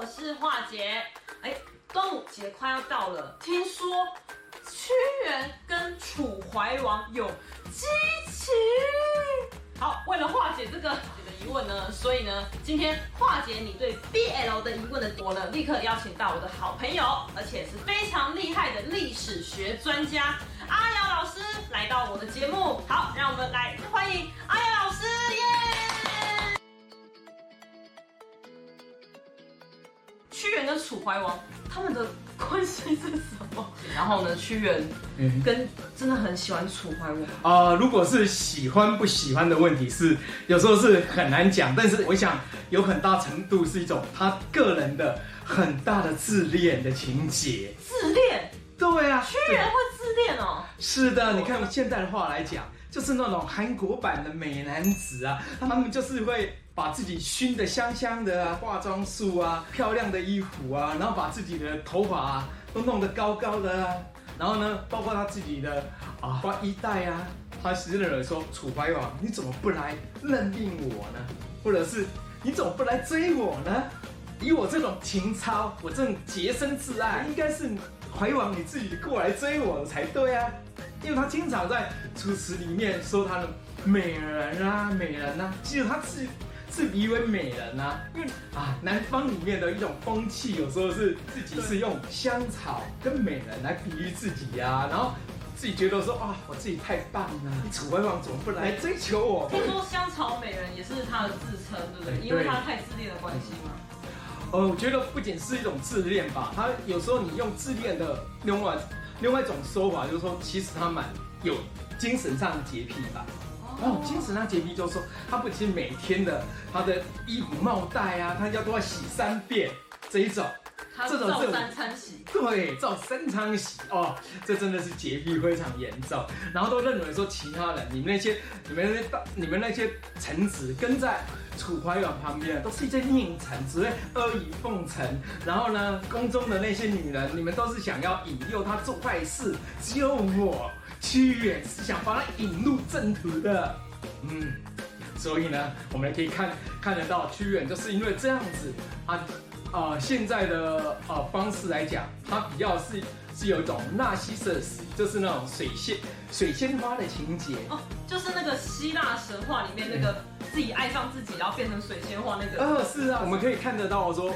我是樺姐，哎，端午節快要到了，聽說屈原跟楚懷王有基情。好，為了化解、這個、這個疑問呢，所以呢，今天樺姐你對 BL 的疑問的我呢，立刻邀請到我的好朋友，而且是非常厲害的歷史學專家阿堯老師來到我的節目。楚懷王，他們的關係是什麼？然後呢，屈原跟真的很喜歡楚懷王啊，嗯，呃。如果是喜歡不喜歡的問題是，是有時候是很難講。但是我想有很大程度是一種他個人的很大的自戀的情節。自戀？對啊，屈原會自戀哦。是的，我的你看用現代的話來講，就是那種韓國版的美男子啊，他們就是會。把自己燻得香香的啊，化妝術啊，漂亮的衣服啊，然後把自己的頭髮啊，都弄得高高的啊。然後呢，包括他自己的啊，衣帶啊，他甚至說：“楚懷王你怎麼不來認定我呢？或者是你怎麼不來追我呢？以我這種情操，我這種潔身自愛，應該是懷王你自己過來追我才對啊。因為他經常在楚辭裡面說他的美人啊，美人啊，其實他自己。”是比喻為美人啊，因為啊，南方裡面的一種風氣，有時候是自己是用香草跟美人來比喻自己呀，啊，然後自己覺得說啊，我自己太棒了，楚懷王怎麼不來追求我？聽說香草美人也是他的自稱，對不對？對，因為他太自戀的關係嗎？呃，我覺得不僅是一種自戀吧，他有時候你用自戀的另外另外一種說法，就是說，其實他蠻有精神上的潔癖吧。哦，精神那潔癖就說，他不僅每天的他的衣服帽帶啊，他要都要洗三遍，這一種。這種照三餐洗，對，照三餐洗，這種這種，照三餐洗，哦，這真的是潔癖非常嚴重。然後都認為說，其他人你們那些、你們那些、你們那些臣子跟在楚懷王旁邊，都是一些佞臣，只會，阿諛奉承。然後呢，宮中的那些女人，你們都是想要引誘他做壞事。只有我屈原是想把他引入正途的。嗯，所以呢，我們可以看，看得到屈原就是因為這樣子，他。啊、呃，現在的啊、呃、方式來講，它比較是是有一種納西瑟斯，就是那種水仙水仙花的情節哦，就是那個希臘神話裡面那個自己愛上自己，欸、然後變成水仙花那個。呃、哦，是啊，我們可以看得到。我說，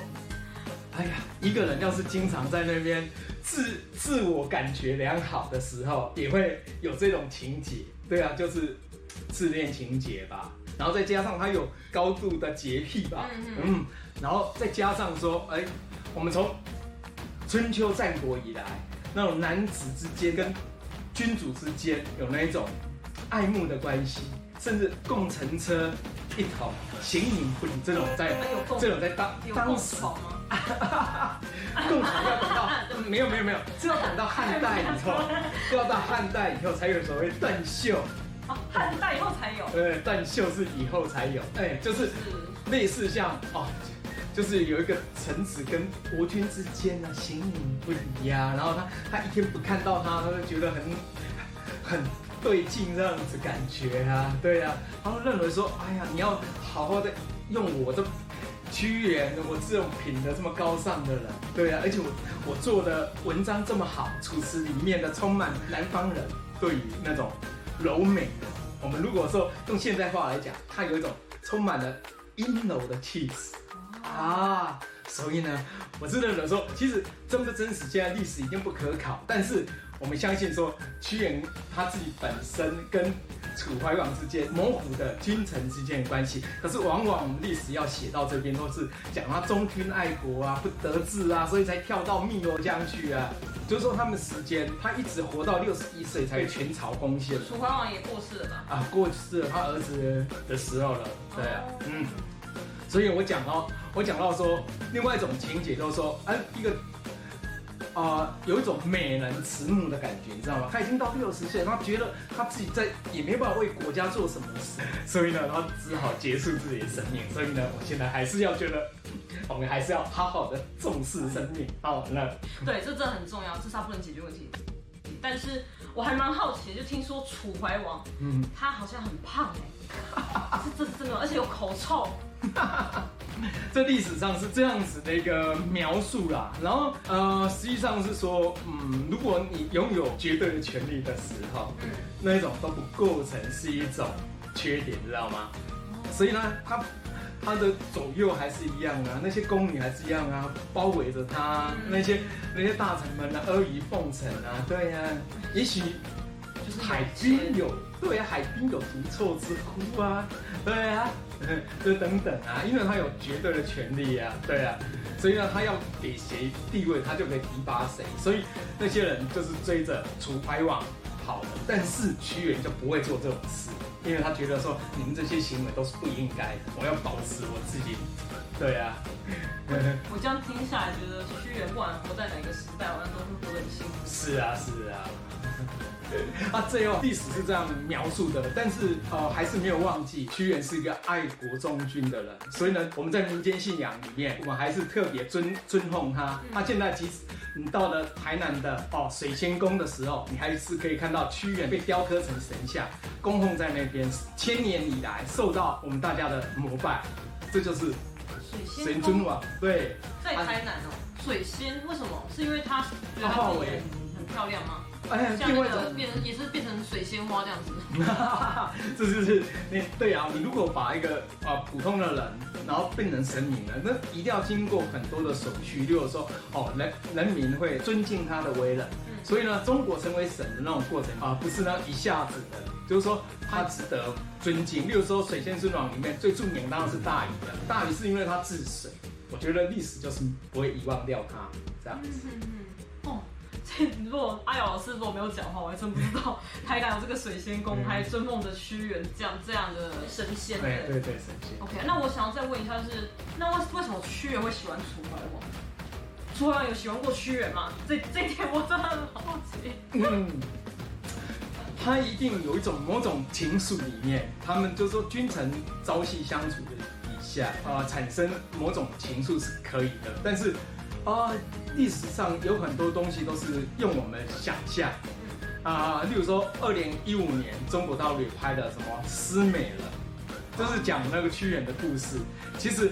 哎呀，一個人要是經常在那邊自自我感覺良好的時候，也會有這種情節。對啊，就是自戀情節吧。然後再加上他有高度的潔癖吧，嗯，嗯，嗯，然後再加上說，哎、欸，我們從春秋戰國以來，那種男子之間跟君主之間有那種愛慕的關係，甚至共乘車一頭形影不離這種在這種在當當時， 共乘要等到、 嗯、沒有沒有沒有，只有等到漢代以後，要 到漢代以後才有所謂斷袖。漢代、啊、以後才有，對，斷袖是以後才有，哎、欸，就是類似像哦，就是有一個臣子跟國君之間呢、啊、形影不離啊，然後他他一天不看到他，他就覺得很很對勁這樣子感覺啊，對啊，他就認為說，哎呀，你要好好的用我，這屈原，我這種品德這麼高尚的人，對啊，而且我我做的文章這麼好，楚辭裡面的充滿南方人對於那種。柔美的，我們如果說用現代話來講，它有一種充滿了陰柔的氣質啊，所以呢，我真的有人說，其實真不真實，現在歷史已經不可考，但是我們相信說，屈原他自己本身跟。楚懷王之間模糊的君臣之間的關係，可是往往歷史要寫到這邊都是講他忠君愛國啊，不得志啊，所以才跳到汨羅江去啊。就是說他們時間，他一直活到六十一歲才被全朝攻陷。楚懷王也過世了吧？啊，過世了，他兒子的時候了，對啊，嗯。所以我講到喔，我講到說另外一種情節，就是說哎，一個。啊、呃，有一種美人遲暮的感覺，你知道嗎？他已經到六十歲，他覺得他自己再也沒辦法為國家做什麼事，所以呢，他只好結束自己的生命。所以呢，我現在還是要覺得，我們還是要好好的重視生命。好了，那對，這真的很重要，自殺不能解決問題。但是我還蠻好奇，就聽說楚懷王，嗯，他好像很胖哎、欸 啊，是，這是真的，而且有口臭。 這歷史上是這樣子的一個描述啦，然後呃，實際上是說，嗯，如果你擁有絕對的權力的時候，嗯、那一種都不構成是一種缺點，嗯、知道嗎？嗯、所以呢，他他的左右還是一樣啊，那些宮女還是一樣啊，包圍着他，嗯、那些那些大臣們呢、啊，阿諛奉承啊，對呀、啊，嗯、也許海濱有，對呀，海濱有逐、啊、臭之夫啊。嗯對啊，這等等啊，因為他有絕對的權利啊。對啊，所以呢，他要給誰地位，他就可以提拔誰，所以那些人就是追着楚懷王跑的。但是屈原就不會做這種事，因為他覺得說你們這些行為都是不應該，我要保持我自己。對啊，我，我這樣聽下來，覺得屈原不管活在哪個時代，好像都是活得很辛苦。是啊，是啊。 啊，最後歷史是這樣描述的，但是呃，還是沒有忘記屈原是一個愛國忠君的人，所以呢，我們在民間信仰裡面，我們還是特別尊尊奉他。他，嗯啊、現在即使你到了台南的哦，呃、水仙宮的時候，你還是可以看到屈原被雕刻成神像，供奉在那邊，千年以來受到我們大家的膜拜，這就是水仙尊王。對，在台南哦，喔、啊，水仙為什麼？是因為他他化，啊，為。漂亮嗎？哎呀，變為了變成也是變成水仙花這樣子的。哈哈哈，這就是，你對啊，你如果把一個啊、呃、普通的人，然後變成神明了，那一定要經過很多的手續。例如說，哦，人人民會尊敬他的為人。嗯對。所以呢，中國成為神的那種過程啊、呃，不是呢一下子的，就是說他值得尊敬。例如說《水仙尊王》裡面最著名當然是大禹了，大禹是因為他治水，我覺得歷史就是不會遺忘掉他這樣嗯嗯。 如果阿堯、阿堯、老師如果沒有講的話，我還真不知道他還敢有這個水仙宮，還追夢的屈原這樣這樣的神仙。對對對，對，神仙。OK，那我想要再問一下、就是，是那為為什麼屈原會喜歡楚懷王？楚懷王有喜歡過屈原嗎？這這一點我真的好奇。嗯，他一定有一種某種情愫裡面，他們就是說君臣朝夕相處底下啊，產生某種情愫是可以的，但是。啊，歷、哦、史上有很多東西都是用我們想象。啊、呃，例如說2015，二零一五年中國大陸拍的什麼《思美人》，就是講那個屈原的故事。其實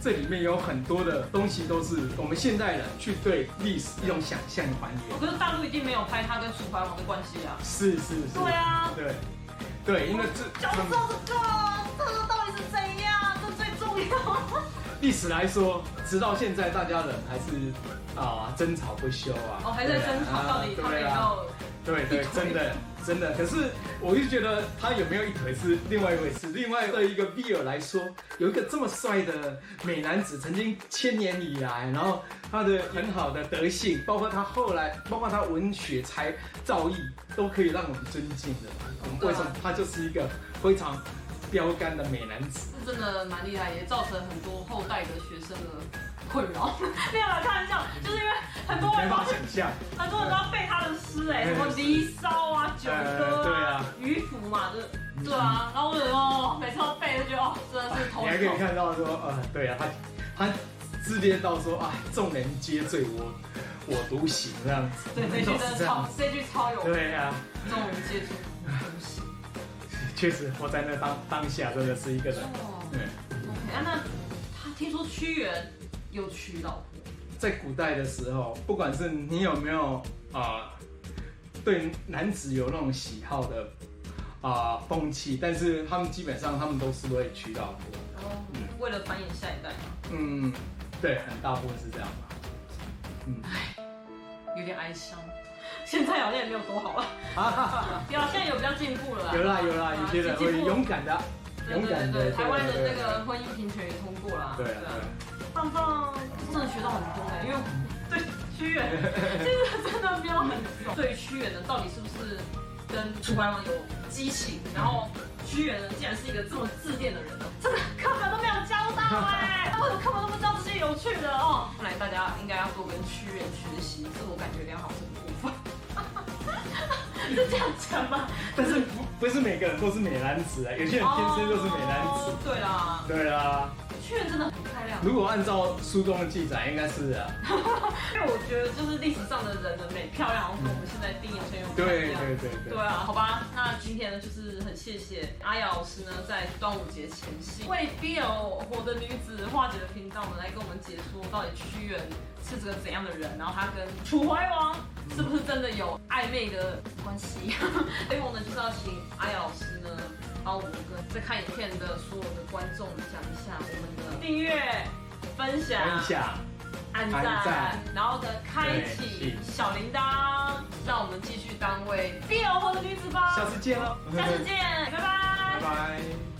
這裡面有很多的東西都是我們現代人去對歷史一種想象的還原。我覺得大陸一定沒有拍他跟楚懷王的關係啊。是是是。對啊。對。對，因為這。講這個，這個、嗯、到底是怎樣？重要。歷史來說，直到現在，大家人還是啊爭吵不休啊。哦，還在爭吵，到底他有沒有？對對，真的真的。可是，我就覺得他有沒有一腿是另外一回事。另外的一個 BL 來說，有一個這麼帥的美男子，曾經千年以來，然後他的很好的德性，包括他後來，包括他文學才造詣，都可以讓我們尊敬的。為什麼？他就是一個非常。標杆的美男子真的蠻厲害，也造成很多後代的學生的困擾。沒有啦，開玩笑，就是因為很多人，沒法想象，很多人都要背他的詩哎、欸，嗯、什麼《離騷》啊，是《九歌》啊，呃《漁父、啊、嘛，就是對啊，然後我有時候每次都背就哦，真的是頭。你還可以看到說，呃，對啊，他他自戀到說啊，眾人皆醉我我獨醒這樣子。這句超，這句超有。對啊，眾人皆醉，我獨醒。確實活在那當當下，真的是一個人。對，OK 啊，那他聽說屈原有娶老婆。在古代的時候，不管是你有沒有啊、呃，對男子有那種喜好的啊、呃、風氣，但是他們基本上他們都是會娶老婆。為了繁衍下一代。嗯，對，很大部分是這樣吧。嗯，有點哀傷。現在好像也沒有多好了，啊，啊，現在有比較進步了，有啦有啦，有進步，勇敢的，勇敢對，台灣的那個婚姻平權也通過啦，對對。棒棒，真的學到很多哎，因為對屈原，這個真的比較很，對屈原的到底是不是跟楚懷王有激情？然後屈原呢，竟然是一個這麼自戀的人，真的，課本都沒有教到哎，我們課本都不知道這些有趣的哦，看來大家應該要多跟屈原學習，自我感覺良好。 是這樣講嗎？但是不不是每個人都是美男子啊？有些人天生就是美男子。Oh, 對啊，對啊。屈原真的很漂亮。如果按照書中的記載，應該是。啊。 因為我覺得就是歷史上的人的美漂亮，跟我們現在第一眼圈有不一樣。對對對對，對啊，好吧，那今天呢就是很謝謝阿堯老師呢，在端午節前夕為 BL 活的女子化解的頻道呢。我們來跟我們解說到底屈原是這個怎樣的人，然後他跟楚懷王是不是真的有曖昧的關係？ 所以我們呢就是要請阿堯老師呢。幫我們跟在看影片的所有的觀眾講一下，我們的訂閱、分享、分享按贊，按贊然後的開啟小鈴鐺，讓是我們繼續當為 BL 活的女子吧！下次見嘍、哦，下次見， 拜拜，拜拜。